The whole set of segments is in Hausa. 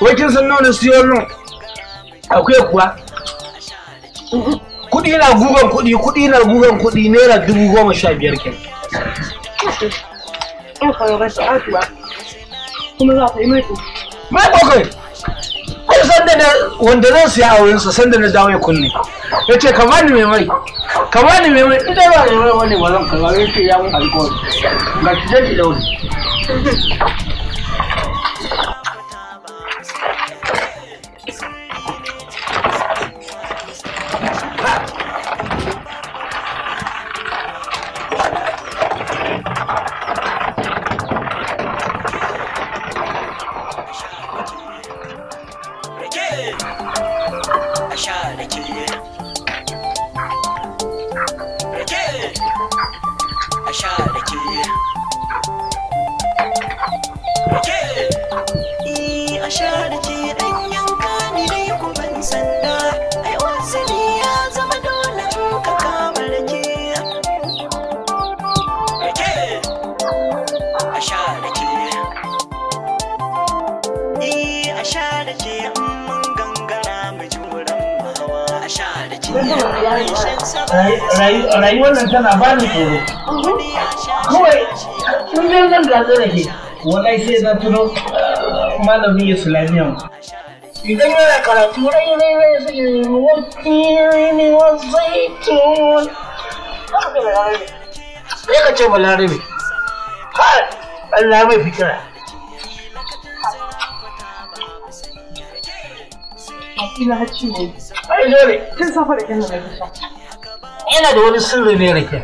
wai kin san nawa na siyo nun akwai kuwa kuɗi na gugan kuɗi kuɗi na gugan kuɗi naira dubu goma sha biyar ke mai mai kokai ai sanda da wanda zan siya a wurinsa sanda na dawo ya kunne ya ce kama ni mai mai kama ni mai mai idan ba mai mai wani ba zan kama ya ce ya mun alkawari ga shi zai ki rayuwar nan tana ba ni tsoro kawai tun yau nan da zai rage wallahi sai na tuno malamin islamiyya idan yana karatu rai rai rai yi ne wa zaitun ka ce balarabe Allah mai fikira bakina har ciwo ai dole safa da kyan da yana da wani sirri ne rake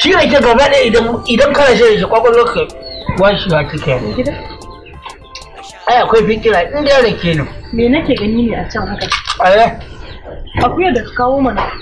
shi rake gaba ɗaya idan idan kana shi shi kwakwalwar ka washi wa ne ai akwai fikira in dai rake ne me nake gani ne a can haka ai akwai da kawo mana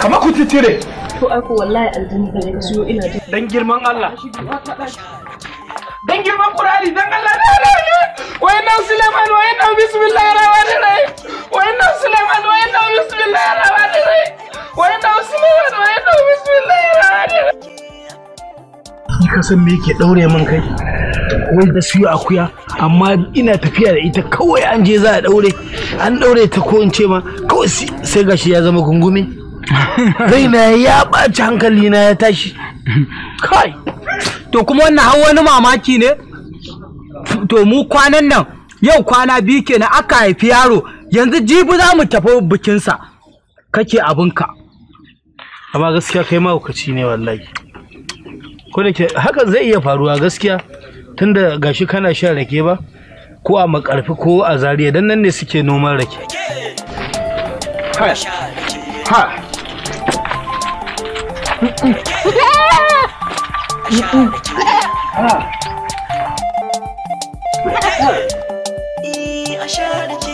Kama ku titire to ako wallahi aljanna ka ka siyo ina ji dan girman Allah dan girman Qur'ani dan Allah ne ne? wai nan Sulaiman wai nan bismillahir rahmanir rahim wai nan Sulaiman wai nan bismillahir rahmanir rahim wai nan Sulaiman wai nan bismillahir rahmanir rahim ka san me yake daure min kai wai da suyo akuya amma ina tafiya da ita kawai an je za a daure an daure ta ko in ce ma kawai sai gashi ya zama gungume raina ya ɓaci hankali na ya tashi kai to kuma wannan har wani mamaki ne to mu kwanan nan yau kwana biyu ke na aka haifi yaro yanzu jibi za mu tafi bikinsa kake abinka amma gaskiya kai mahaukaci ne wallahi ko da ke haka zai iya faruwa gaskiya da gashi kana shan rake ba ko a makarfi ko a zariya dan nan ne suke noman rake ha ha Eh, a sha da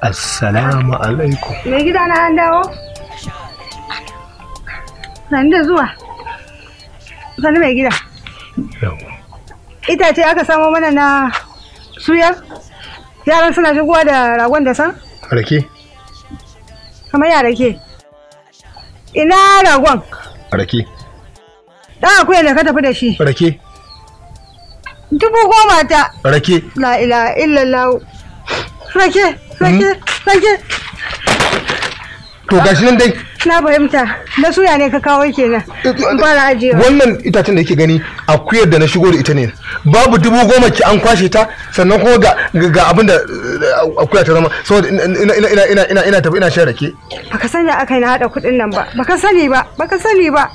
Assalamu alaikum. Me gida na an dawo? Sani da zuwa. Sani mai gida. Itace aka samo mana na suyar? Yaran suna shigowa da ragon da san? Rake. Kamar ya rake. Ina ragon? Rake. Dan akwai da ka tafi da shi. Rake. Dubu goma ta. Rake. La ila illallah. Rake. to gashi nan dai na fahimta na suya ne ka kawo kenan fara ajiyewa wannan itacen da yake gani akuyar da na shigo da ita ne babu dubu goma ki an kwashe ta sannan kuma ga ga abin da uh, akuya ta zama saboda ina ina ina ina ina ina tafi ina shan rake baka sani aka yi na hada kuɗin nan ba baka sani ba baka sani ba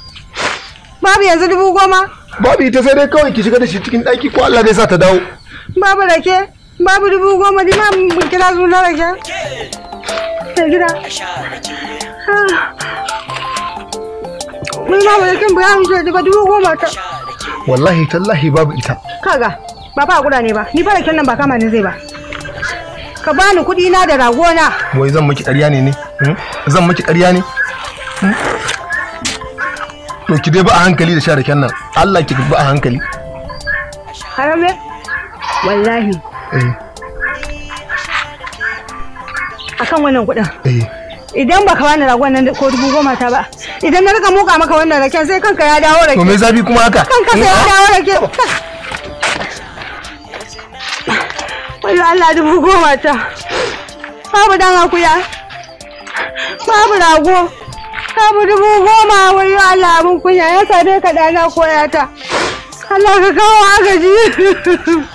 babu yanzu dubu goma babu ita sai dai kawai ki shiga da shi cikin ɗaki ko Allah zai sa ta dawo babu rake babu dubu goma ni ma mun kira suna da ke ta gida mun ma ba yakin bayan shi da dubu goma ta wallahi tallahi babu ita kaga ba ba gura ne ba ni fara kyan nan ba kama ni zai ba ka bani kuɗi na da ragona wai zan miki ƙarya ne ne zan miki ƙarya ne to ki dai ba a hankali da sha da kyan nan Allah ki ba a hankali harame wallahi Eh. akan wannan kuɗin eh. idan baka bani ragon nan ko dubu goma ta ba idan na rika muka maka wannan raken sai kanka ya dawo rake to me zafi kuma haka kanka sai ya eh? dawo rake wai Allah dubu goma ta babu dan akuya babu rago babu dubu goma wai Allah abun kunya ya same ka dana koyata Allah ka kawo agaji